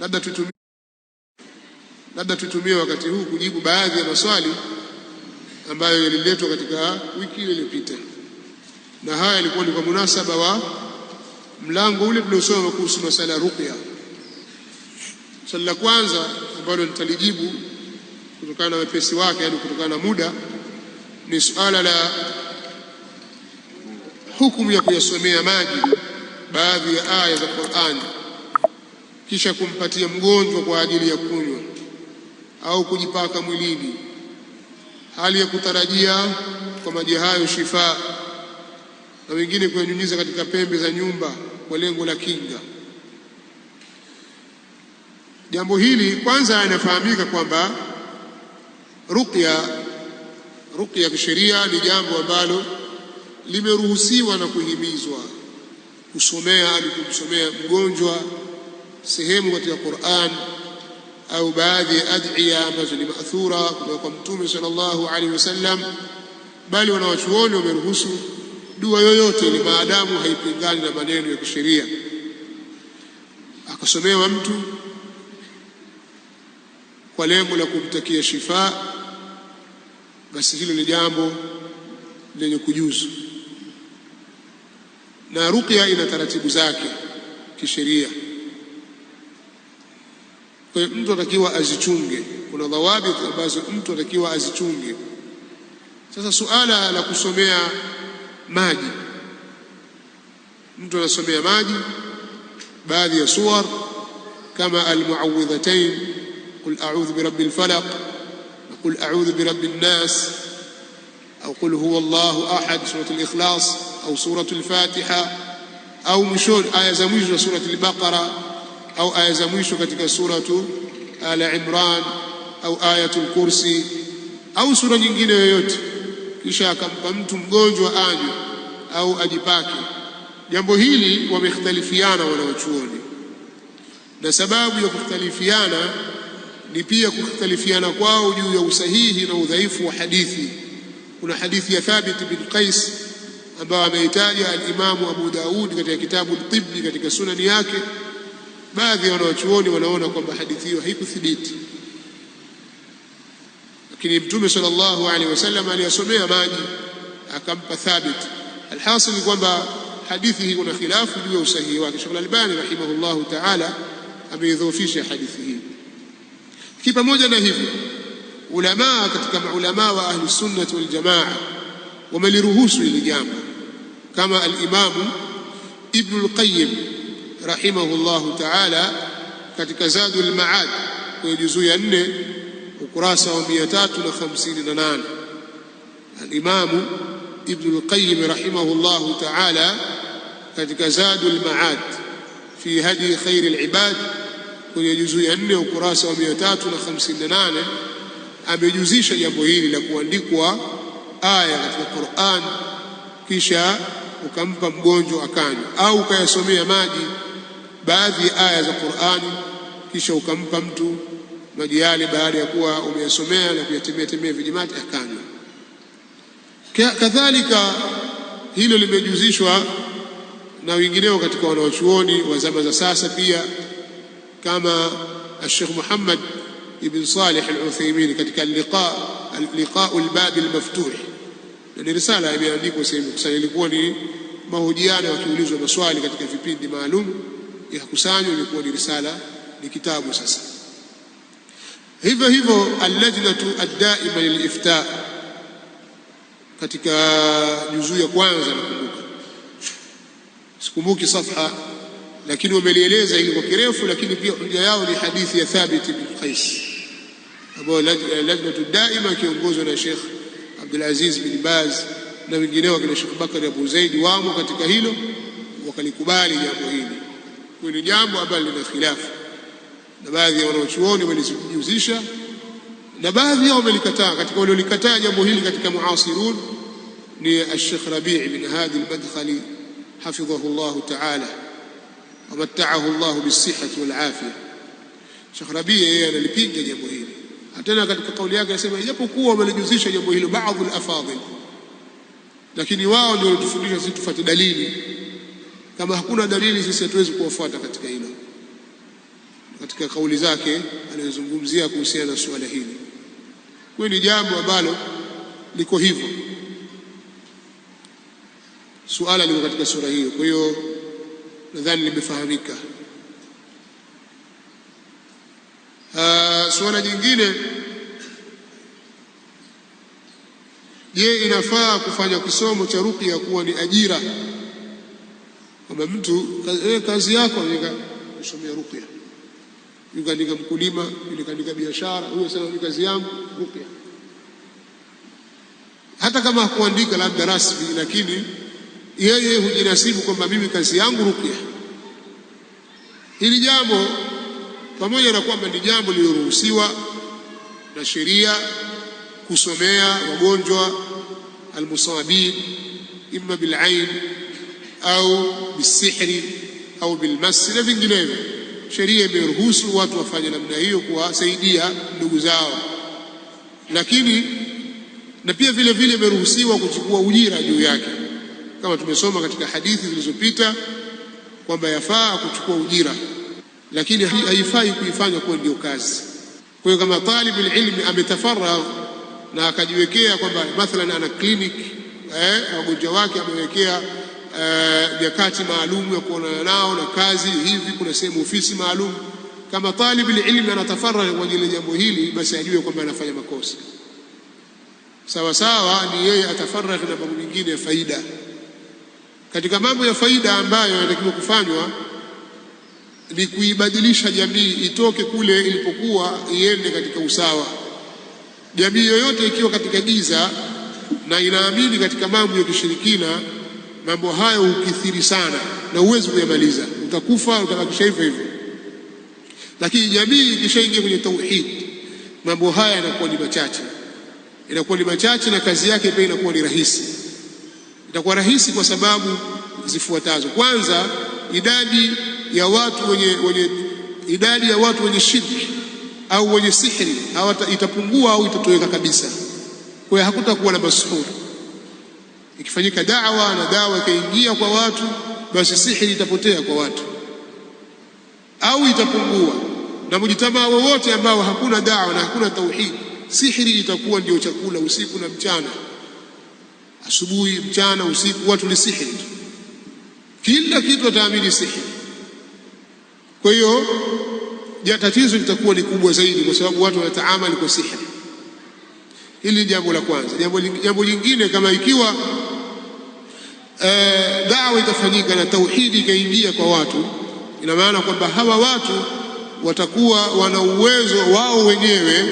Labda tutumie labda tutumie wakati huu kujibu baadhi ya maswali ambayo yaliletwa katika wiki ile iliyopita, na haya yalikuwa ni kwa munasaba wa mlango ule tuliosoma kuhusu masala ya ruqya. Swali la kwanza ambalo nitalijibu kutokana na wepesi wake, yani kutokana na muda, ni suala la hukumu ya kuyasomea maji baadhi ya aya za Qur'ani kisha kumpatia mgonjwa kwa ajili ya kunywa au kujipaka mwilini, hali ya kutarajia kwa maji hayo shifaa, na wengine kuyanyunyiza katika pembe za nyumba kwa lengo la kinga. Jambo hili kwanza, anafahamika kwamba ruqya ruqya kisheria ni jambo ambalo limeruhusiwa na kuhimizwa, kusomea kumsomea mgonjwa sehemu katika Qur'an au baadhi ya adhiya ambazo ni maathura kutoka kwa Mtume sallallahu alaihi wasallam, bali wanawachuoni wameruhusu dua yoyote ni maadamu haipingani na maneno ya kisheria, akasomewa mtu kwa lengo la kumtakia shifaa, basi hilo ni jambo lenye kujuzu, na ruqya ina taratibu zake kisheria. Kwa hiyo mtu atakiwa azichunge, kuna dhawabit ambazo mtu atakiwa azichunge. Sasa suala la kusomea maji, mtu anasomea maji baadhi ya suwar kama almuawidhatain, qul a'udhu birabbi lfalaq na qul a'udhu birabbi nnas au qul huwa llahu ahad, surat likhlas au surat lfatiha au mwishoni aya za mwisho za surat lbaqara au aya za mwisho katika suratu Ala Imran au Ayatul Kursi au sura nyingine yoyote, kisha akampa mtu mgonjwa anywe au ajipake. Jambo hili wamekhtalifiana wanaochuoni, na sababu ya kukhtalifiana ni pia kukhtalifiana kwao juu ya usahihi na udhaifu wa hadithi. Kuna hadithi ya Thabit bin Qais ambayo ameitaja alimamu Abu Daud katika kitabu Tibbi katika sunani yake Baadhi ya wanawachuoni wanaona kwamba hadithi hiyo haikuthibiti, lakini Mtume sallallahu alaihi wasallam aliyasomea maji akampa thabit. Alhasil ni kwamba hadithi hii kuna khilafu juu ya usahihi wake. Sheikh Al-Albani rahimahullahu taala ameidhoofisha hadithi hii. Lakini pamoja na hivyo, ulamaa katika maulamaa wa ahli sunnati wal jamaa wameliruhusu hili jambo, kama alimamu Ibnul Qayyim rahimahullahu ta'ala katika Zadul Maad kwenye juzuu ya nne ukurasa wa 358 Al-Imamu Ibnul Qayyim rahimahullahu ta'ala katika Zadul Maad fi hadi khairil ibad kwenye juzuu ya nne ukurasa wa 358 amejuzisha jambo hili la kuandikwa aya katika Qur'an kisha ukampa mgonjwa akanywa au ukayasomea maji baadhi ya aya za Qur'ani, kisha ukampa mtu maji yale baada ya kuwa umeyasomea na kuyatemea temea vijimati akanywa. Kadhalika hilo limejuzishwa na wengineo katika wanaochuoni wa zama za sasa pia, kama Sheikh Muhammad ibn Salih al-Uthaymeen katika liqa liqau al-babi al-maftuh, na ni risala imeandikwa sehemu kusani, ilikuwa ni mahojiano yakiulizwa maswali katika vipindi maalum ikakusanywa imekuwa ni risala, ni kitabu sasa. Hivyo hivyo allajnatu addaima lilifta, katika juzuu ya kwanza nakumbuka, sikumbuki safha, lakini wamelieleza hili kwa kirefu, lakini pia hoja yao ni hadithi ya Thabit bin Qais ambayo lajnatu daima kiongozwa na Sheikh Abdulaziz bin Baz na wengineo wakina Sheikh Bakari Abu Zaidi wamo katika hilo, wakalikubali jambo hili. Hiyo ni jambo ambalo lina khilafu, na baadhi ya wanaochuoni wamelizungumzisha na baadhi yao wamelikataa. Katika waliolikataa jambo hili katika muasirun ni Alshekh Rabii bin Hadi Almadkhali hafidhahu llahu taala wamattaahu llahu bisihhati walafia. Shekh Rabii yeye analipinga jambo hili, tena katika kauli yake anasema ijapokuwa wamelijuzisha jambo hilo baadhi lafadhil lakini wao ndio walitufundisha sisi tufuate dalili kama hakuna dalili, sisi hatuwezi kuwafuata katika hilo, katika kauli zake anayozungumzia kuhusiana na suala hili. Kweli ni jambo ambalo liko hivyo, suala liko katika sura hiyo. Kwa hiyo nadhani limefahamika. Ah, suala jingine, je, inafaa kufanya kisomo cha ruqya kuwa ni ajira kwamba mtu wewe eh, kazi yako kusomea ruqya, ukaandika mkulima, yule biashara, huyo sasa ni kazi yangu ruqya. Hata kama hakuandika labda rasmi, lakini yeye hujinasibu kwamba mimi kazi yangu ruqya. Hili jambo pamoja na kwamba ni jambo lililoruhusiwa na sheria kusomea wagonjwa almusabin imma bilain au bisihri au bilmasi na vinginevyo. Sheria imeruhusu watu wafanye namna hiyo, kuwasaidia ndugu zao, lakini na pia vile vile imeruhusiwa kuchukua ujira juu yake, kama tumesoma katika hadithi zilizopita kwamba yafaa kuchukua ujira, lakini haifai kuifanya kuwa ndio kazi. Kwa hiyo kama talib ilmi ametafaragh na akajiwekea kwamba mathalan ana clinic eh, wagonjwa wake amewekea Eh, nyakati uh, maalum ya kuonana nao na kazi hivi, kuna sehemu ofisi maalum. Kama talib ilmi anatafarra kwa ajili ya jambo hili, basi ajue kwamba anafanya makosa sawa sawa, ni yeye atafaragh na mambo mengine ya faida. Katika mambo ya faida ambayo yanatakiwa kufanywa ni kuibadilisha jamii itoke kule ilipokuwa iende katika usawa. Jamii yoyote ikiwa katika giza na inaamini katika mambo ya kishirikina Mambo hayo hukithiri sana na huwezi kuyamaliza, utakufa utabakisha hivyo hivyo. Lakini jamii ikishaingia kwenye tauhid, mambo haya yanakuwa ni machache, inakuwa ni machache, na kazi yake pia inakuwa ni rahisi. Itakuwa rahisi kwa sababu zifuatazo. Kwanza, idadi ya watu wenye, wenye, idadi ya watu wenye shirki au wenye sihri itapungua au itatoweka kabisa. Kwa hiyo hakutakuwa na masuhuri Ikifanyika dawa na dawa ikaingia kwa watu, basi sihiri itapotea kwa watu au itapungua, na mjitamaa wowote ambao hakuna dawa na hakuna tauhidi, sihiri itakuwa ndio chakula usiku na mchana, asubuhi, mchana, usiku, watu ni sihiri tu, kila kitu ataamini sihiri. Kwa hiyo tatizo litakuwa ni kubwa zaidi, kwa sababu watu wanataamali kwa sihiri. Hili ni jambo la kwanza. Jambo, jambo lingine kama ikiwa Eh, dawa itafanyika na tauhidi ikaingia kwa watu, ina maana kwamba hawa watu watakuwa wana uwezo wao wenyewe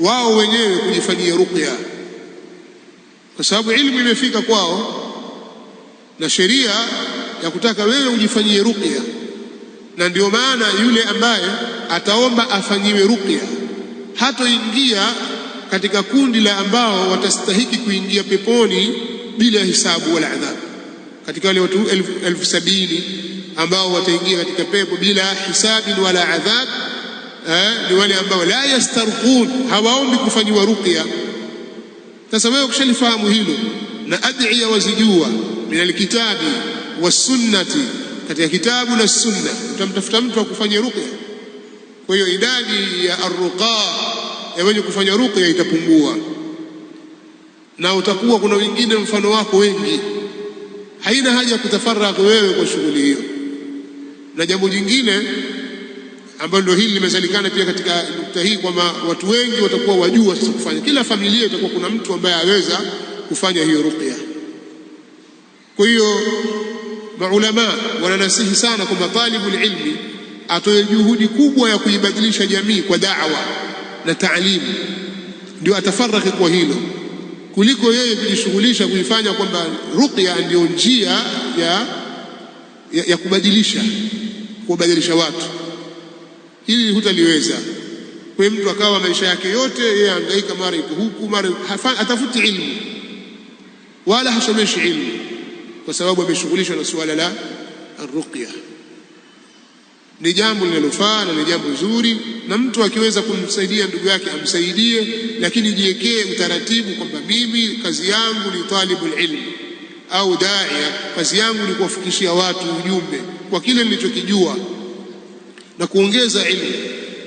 wao wenyewe kujifanyia ruqya, kwa sababu ilmu imefika kwao na sheria ya kutaka wewe ujifanyie ruqya. Na ndio maana yule ambaye ataomba afanyiwe ruqya hatoingia katika kundi la ambao watastahiki kuingia peponi bila hisabu wala adhabu, katika wale watu elfu sabini ambao wataingia katika pepo bila hisabin wala adhab eh, Ni wale ambao la yastarqun, hawaombi kufanyiwa ruqya. Sasa wewe ukishalifahamu hilo na adiya wazijua min alkitabi wassunnati, katika kitabu na sunna, utamtafuta mtu akufanyia ruqya. Kwa hiyo idadi ya arruqa ya wenye kufanya ruqya itapungua na utakuwa kuna wengine mfano wako wengi. Haina haja ya kutafaraka wewe kwa shughuli hiyo. Na jambo jingine ambalo ndio hili limezalikana pia katika nukta hii kwamba watu wengi watakuwa wajua sasa kufanya, kila familia itakuwa kuna mtu ambaye aweza kufanya hiyo ruqya. Kwa hiyo maulama wananasihi sana kwamba talibul ilmi atoe juhudi kubwa ya kuibadilisha jamii kwa da'wa na taalimu, ndio atafaraki kwa hilo kuliko yeye kujishughulisha kuifanya kwamba ruqya ndiyo njia ya, ya, ya kubadilisha kuwabadilisha watu. Hili hutaliweza kwa mtu akawa maisha yake yote yeye angaika, mara iko huku, mara atafuti ilmu wala hasomeshi ilmu, kwa sababu ameshughulishwa na suala la ruqya ni jambo linalofaa na ni jambo zuri, na mtu akiweza kumsaidia ndugu yake amsaidie, lakini jiwekee utaratibu kwamba mimi kazi yangu ni talibul ilm au daia, kazi yangu ni kuwafikishia watu ujumbe kwa kile nilichokijua na kuongeza ilmu.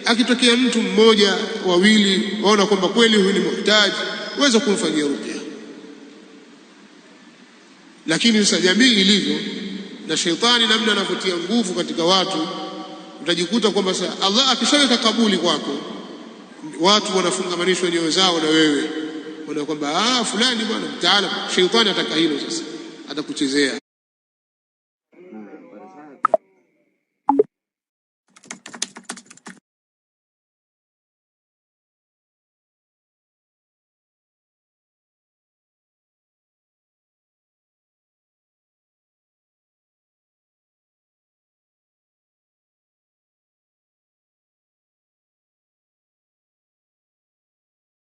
Akitokea mtu mmoja wawili waona kwamba kweli huyu ni muhtaji, waweza kumfanyia rukya Lakini sasa jamii ilivyo na sheitani, namna anavyotia nguvu katika watu utajikuta kwamba Allah akishaweka kabuli kwako, watu wanafungamanishwa nyoyo zao na wewe, kwamba ah, fulani bwana mtaalamu. Sheitani ataka hilo sasa, atakuchezea.